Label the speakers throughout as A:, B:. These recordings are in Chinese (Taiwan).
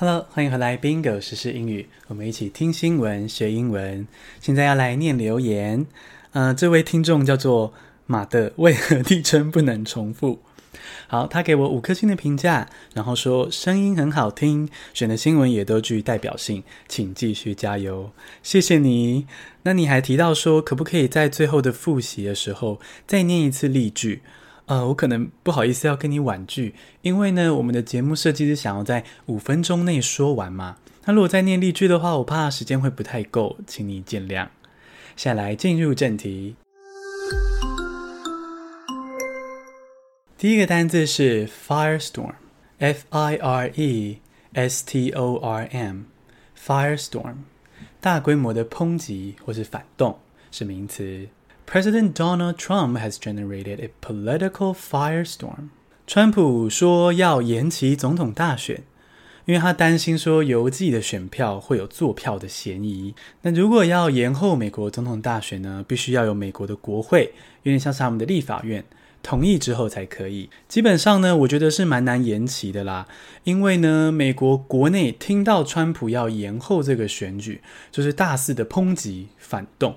A: 哈囉，歡迎回來，Bingo 時事英語，我們一起聽新聞學英文。現在要來念留言，呃，這位聽眾叫做馬的，為何暱稱不能重複？好，他給我五顆星的評價，然後說聲音很好聽，選的新聞也都具代表性，請繼續加油，謝謝你。那你還提到說，可不可以在最後的複習的時候再念一次例句？呃，我可能不好意思要跟你婉拒，因為呢，我們的節目設計是想要在五分鐘內說完嘛。那如果再念例句的話，我怕時間會不太夠，請你見諒。下來進入正題，第一個單字是 firestorm，f i r e s t o r m，firestorm，大規模的抨擊或是反動，是名詞。President Donald Trump has generated a political firestorm。川普說要延期總統大選，因為他擔心說郵寄的選票會有作票的嫌疑。那如果要延後美國總統大選呢，必須要有美國的國會，有點像是他們的立法院同意之後才可以。基本上呢，我覺得是蠻難延期的啦，因為呢，美國國內聽到川普要延後這個選舉，就是大肆的抨擊反動。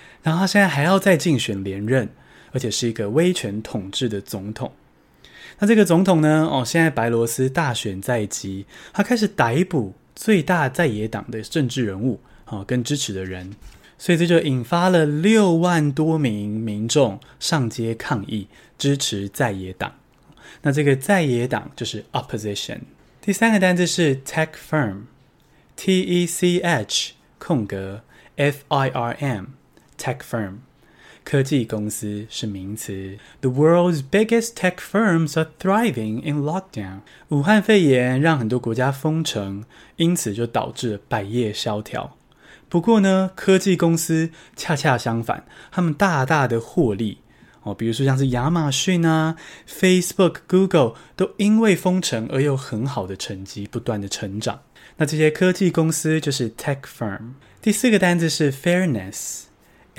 A: 然後他現在還要再競選連任，而且是一個威權統治的總統。那這個總統呢？哦，現在白羅斯大選在即，他開始逮捕最大在野黨的政治人物，啊、哦，跟支持的人，所以這就引發了六萬多名民眾上街抗議，支持在野黨。那這個在野黨就是 opposition。第三個單字是 tech firm，t e c h 空格 f i r m。Tech firm，科技公司是名詞。The world's biggest tech firms are thriving in lockdown。武漢肺炎讓很多國家封城，因此就導致了百業蕭條。不過呢，科技公司恰恰相反，他們大大的獲利哦。比如說像是亞馬遜啊、Facebook、Google 都因為封城而有很好的成績，不斷的成長。那這些科技公司就是 tech firm。第四個單字是 fairness。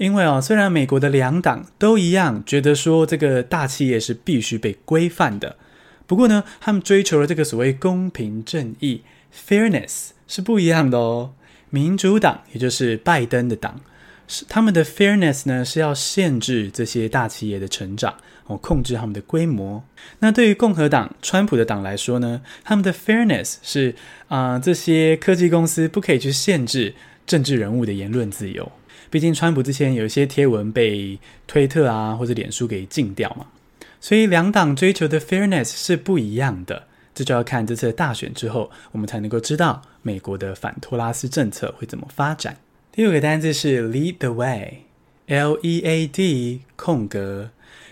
A: 因為哦，雖然美國的兩黨都一樣覺得說這個大企業是必須被規範的，不過呢，他們追求的這個所謂公平正義 （fairness） 是不一樣的哦。民主黨，也就是拜登的黨，是他們的 fairness 呢是要限制這些大企業的成長，哦，控制他們的規模。那對於共和黨、川普的黨來說呢，他們的 fairness 是啊、呃，這些科技公司不可以去限制政治人物的言論自由。畢竟，川普之前有一些貼文被推特啊或者臉書給禁掉嘛，所以兩黨追求的 fairness 是不一樣的。這就要看這次大選之後，我們才能夠知道美國的反托拉斯政策會怎麼發展。第五個單字是 lead the way，L E A D 空格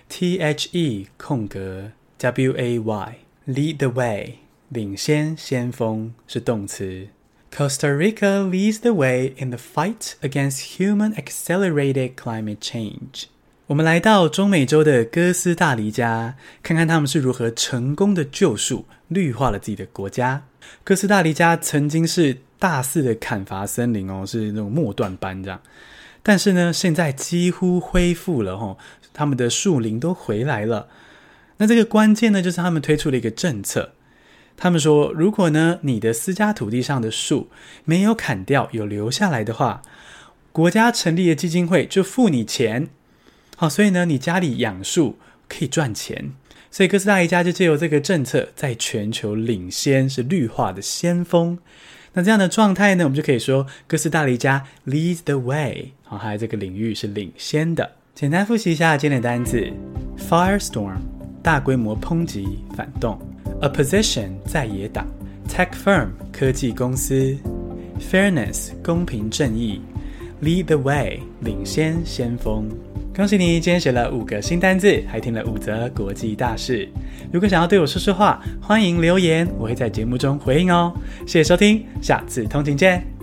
A: T H E 空格 W A Y lead the way 領先、先鋒，是動詞。Costa Rica leads the way in the fight against human accelerated climate change。我們來到中美洲的哥斯大黎加，看看他們是如何成功的救贖、綠化了自己的國家。哥斯大黎加曾經是大肆的砍伐森林哦，是那種末段班這樣，但是呢，現在幾乎恢復了哦，他們的樹林都回來了。那這個關鍵呢，就是他們推出了一個政策。他們說，如果呢你的私家土地上的樹沒有砍掉，有留下來的話，國家成立的基金會就付你錢。好，所以呢你家裡養樹可以賺錢。所以哥斯大黎加就借由這個政策，在全球領先，是綠化的先鋒。那這樣的狀態呢，我們就可以說哥斯大黎加 leads the way。好，它在這個領域是領先的。簡單複習一下今天的單詞：firestorm，大規模抨擊、反動。Opposition 在野黨，Tech firm 科技公司，Fairness 公平正義，Lead the way 領先先鋒。恭喜你，今天寫了五個新單字，還聽了五則國際大事。如果想要對我說說話，歡迎留言，我會在節目中回應哦。謝謝收聽，下次通勤見。